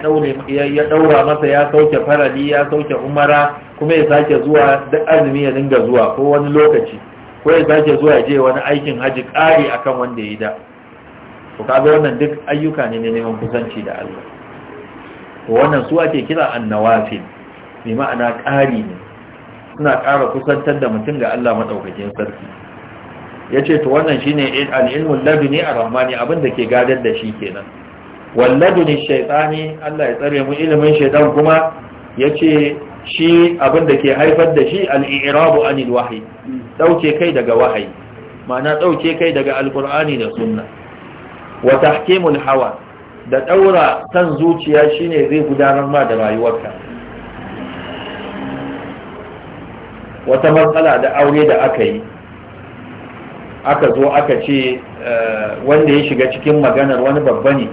ya ɗaura masa ya sauke farali ya sauke umara kuma ya sake zuwa duk azumi ya dinga zuwa ko wani lokaci ko ya sake zuwa je wani aikin haji ƙari akan wanda ya yi da to kaga wannan duk ayyuka ne na neman kusanci da Allah to wannan su ake kira annawafil bi ma'ana ƙari ne suna ƙara kusantar da mutum ga Allah madaukakin sarki yace to wannan shine al-ilmul laduni ar-rahmani abin da ke gadar da shi kenan walladun shaiɗani. Allah ya tsare mu ilimin shaytan kuma yace shi abin da ke haifar da shi al-i'rabu anil wahyi dauke kai daga wahayi ma'ana dauke kai daga alqur'ani da sunna wa tahkimul hawa da daura san zuciya shine zai gudanar ma da rayuwarka wata matsala da aure da aka yi aka zo aka ce eh, wanda ya shiga cikin maganar wani babba ne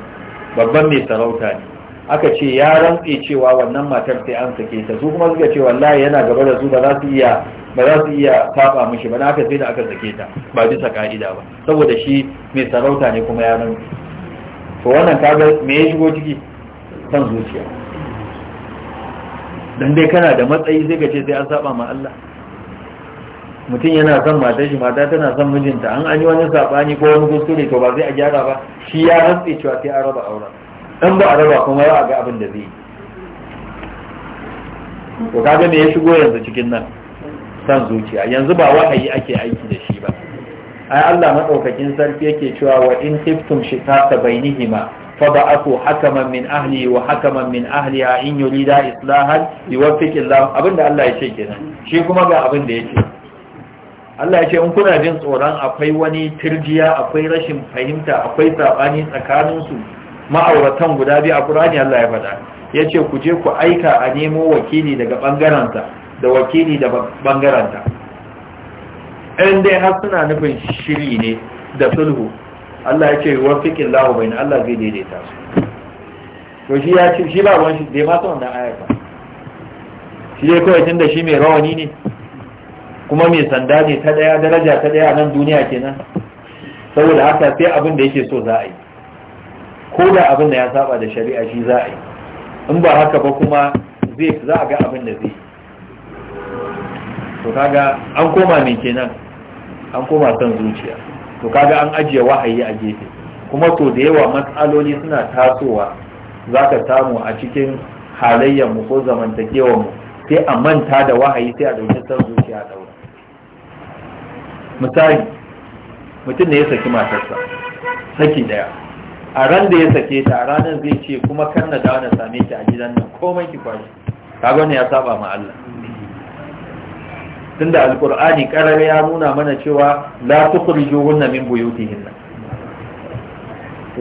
babban mai sarauta ne aka ce ya rantse cewa wannan matar sai an sake ta su kuma suka ce wallahi yana gaba da su ba za su iya ba za su iya saba mishi ba na aka sai da aka sake ta ba bisa ka'ida ba saboda shi mai sarauta ne kuma ya rantse to wannan kaga me ya shigo ciki san zuciya dan dai kana da matsayi sai ka ce sai an saba ma Allah mutum yana son mata shi mata tana son mijinta an an yi wani saɓani ko wani kuskure to ba zai a gyara ba shi ya rantse cewa sai a raba auren in ba a raba kuma za ga abin da zai yi to kaga me ya shigo yanzu cikin nan san zuciya yanzu ba wahayi ake aiki da shi ba ai Allah madaukakin sarki yake cewa wa in tiftum shikasa bainihima faba'athu hakaman min ahli wa hakaman min ahliha in yurida islahan yuwaffiq Allah abinda Allah ya kenan shi kuma ga abinda yace. Allah ya ce in kuna jin tsoron akwai wani tirjiya akwai rashin fahimta akwai sabani tsakanin su ma'auratan guda biyu a Qur'ani Allah ya faɗa ya ce ku je ku aika a nemo wakili daga bangaranta da wakili da bangaranta in dai har suna nufin shiri ne da sulhu Allah ya ce fiqin lahu bain Allah zai daidaita su to shi ya ce shi ba wani shi bai ma san wannan ayar shi dai kawai tunda shi mai rawani ne kuma mai sanda ne ta daya daraja ta daya nan duniya kenan saboda haka sai abin da yake so za a yi ko da abin da ya saba da shari'a shi za a yi in ba haka ba kuma zai za a ga abin da zai to kaga an koma mai kenan an koma son zuciya to kaga an ajiye wahayi a gefe kuma to da yawa matsaloli suna tasowa za ka samu a cikin halayyar mu ko zamantakewar mu sai a manta da wahayi sai a ɗauki son zuciya a misali mutum ne ya saki matarsa saki daya a ran da ya sake ta a ranar zai ce kuma kan na dawo na same ta a gidan nan komai ki kwashi kaga ne ya saba ma Allah tunda alqur'ani karare ya nuna mana cewa la tukhrijuhunna min buyutihinna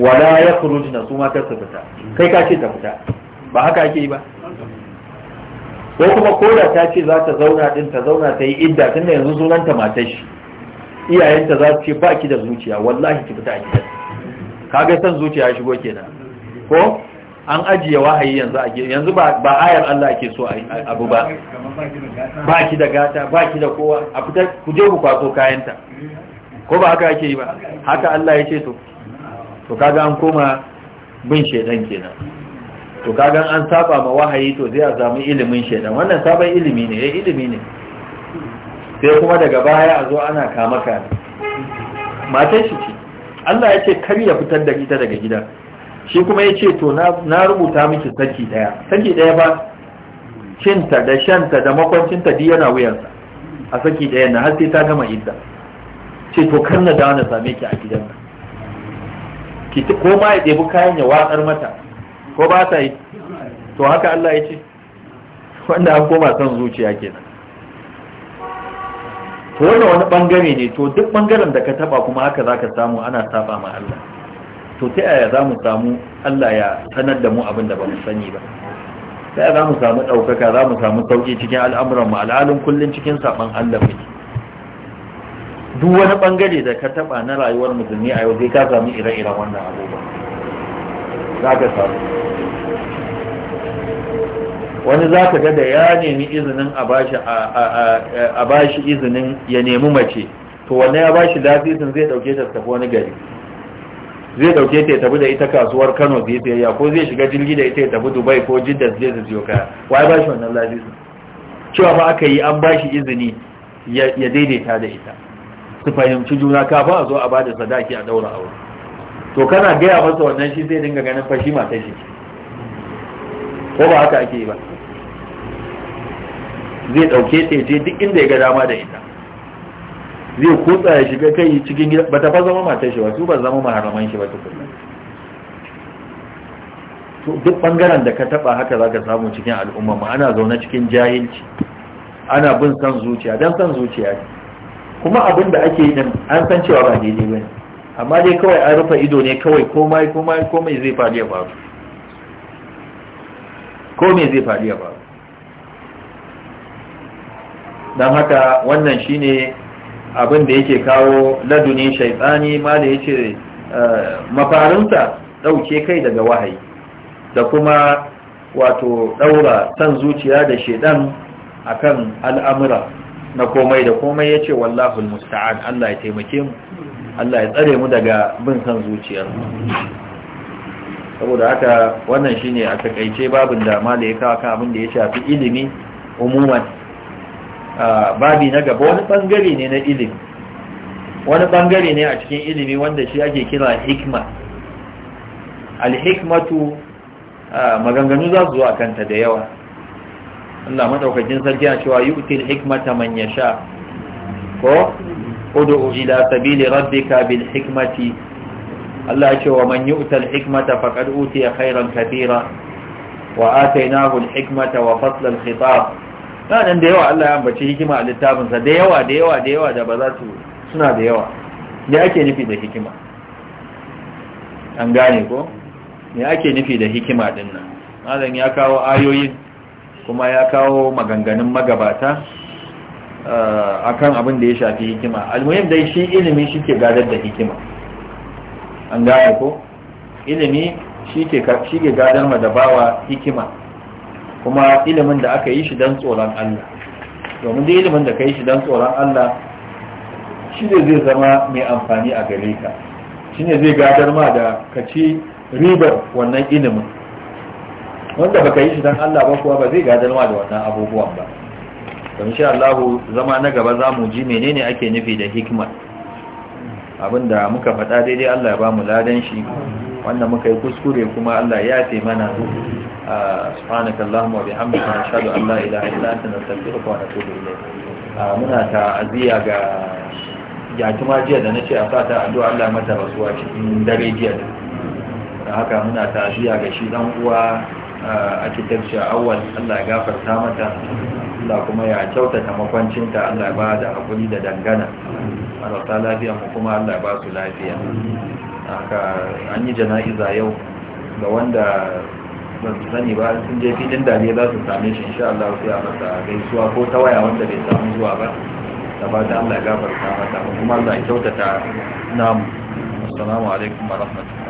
wala yakhrujna su ma kar su fita kai ka ce ta fita ba haka ake yi ba ko kuma koda ta ce za ta zauna din ta zauna ta yi idda tunda yanzu sunanta matar shi iyayenta za su ce ba ki da zuciya wallahi ki fita a gidan kaga san zuciya ya shigo kenan ko an ajiye wahayi yanzu a gidan yanzu ba ayar Allah ake so abu ba ba ki da gata ba ki da kowa a fitar ku je ku kwaso kayanta ko ba haka ake yi ba haka Allah ya ce to to kaga an koma bin shedan kenan to kaga an saba ma wahayi to zai a samu ilimin shedan wannan sabon ilimi ne ya eh, ilimi ne sai kuma daga baya a zo ana kama matan shi ce Allah ya ce kar ya fitar da ita daga gida shi kuma ya ce to na rubuta miki saki daya saki daya ba cinta da shanta da makwancinta duk yana wuyansa a saki daya na har sai ta gama idda ce to kar na dawo na same ki a gidan ki ko ma ya ɗebi kayan ya watsar mata ko ba ta yi to haka Allah ya ce wanda an koma son zuciya kenan to wannan wani bangare ne to duk bangaren da ka taba kuma haka zaka samu ana saba ma Allah to ta zamu samu Allah ya sanar da mu abin da bamu sani ba ta zamu samu daukaka zamu samu sauki cikin al'amuran mu al'alun kullun cikin saban Allah duk wani bangare da ka taba na rayuwar musulmi a yau sai ka samu ire-iren wannan abubuwa zaka samu wani za ka ga da ya nemi izinin a bashi izinin ya nemi mace to wanne ya bashi lasisin zai dauke ta tafi wani gari zai dauke ta tafi da ita kasuwar Kano zai tsaye ko zai shiga jirgi da ita ya tafi Dubai ko Jidda zai su siyo kaya ba bashi wannan lasisin cewa fa aka yi an bashi izini ya daidaita da ita su fahimci juna kafin a zo a bada sadaki a daura aure to kana gaya masa wannan shi zai dinga ganin fashi mata shi ko ba haka ake yi ba zai dauke ta je duk inda ya ga dama da ita zai kutsa ya shiga kai cikin gida ba ta fa zama matar shi ba su ba zama maharaman shi ba tukunna to duk bangaren da ka taba haka zaka samu cikin al'umma mu ana zaune cikin jahilci ana bin san zuciya dan san zuciya kuma abin da ake yi an san cewa ba daidai ba amma dai kawai an rufe ido ne kawai komai komai komai zai faru ya zai faru ya faru don haka wannan shine abin da yake kawo laduni shaitsani ma da yace eh, mafarinsa dauke kai daga wahayi da kuma wato daura san zuciya da shedan akan al'amura na komai da komai yace wallahul musta'an Allah ya taimake mu Allah ya tsare mu daga bin san zuciyar saboda haka wannan shine a takaice babin da malai ya kawo kan abin da ya shafi ilimi umuman babi na gaba wani bangare ne na ilimi wani bangare ne a cikin ilimi wanda shi ake kira hikma alhikmatu maganganu za su zo a kanta da yawa Allah madaukakin sarki a cewa yu'til hikmata man sha ko kudu ila sabili rabbika bil hikmati Allah ya ce wa man yu'tal hikmata faqad utiya khairan katira wa atainahu al hikmata wa faslan khitab nan da yawa Allah ya ambaci hikima a littafinsa da yawa da yawa da yawa da ba za su suna da yawa me ake nufi da hikima an gane ko me ake nufi da hikima din nan malam ya kawo ayoyin kuma ya kawo maganganun magabata eh, a kan abin da ya shafi hikima almuhim dai shi ilimi shi ke gadar da hikima an gane ko ilimi shi ke gadar ma da bawa hikima kuma ilimin da aka yi shi don tsoron Allah domin da ilimin da ka yi shi don tsoron Allah shi ne zai zama mai amfani a gare ka shi ne zai gadar ma da ka ci ribar wannan ilimin wanda baka yi shi don Allah ba kuwa ba zai gadar ma da wannan abubuwan ba don shi Allah zama na gaba za mu ji menene ake nufi da hikimar abinda muka faɗa daidai Allah ya ba mu ladan shi wanda muka yi kuskure kuma Allah ya fi mana ah, subhanaka Allahumma wa bihamdika nashhadu an la ilaha illa anta nastaghfiruka wa natubu ilayk ah, muna ta'aziya ga yatuma jiya da nace a fata addu'a Allah mata rasuwa cikin dare jiya da haka muna ta'aziya ga shi dan uwa a kitabci awwal Allah ya gafarta mata Allah kuma ya kyautata makwancinta Allah ya ba da hakuri da dangana marasa lafiya mu kuma Allah ya ba su lafiya aka an yi jana'iza yau ga wanda ban sani ba sun je filin dare za su same shi insha Allah sai a masa gaisuwa ko ta waya wanda bai samu zuwa ba da ba ta Allah ya gafarta mata kuma Allah ya kyautata namu assalamu alaikum wa rahmatullahi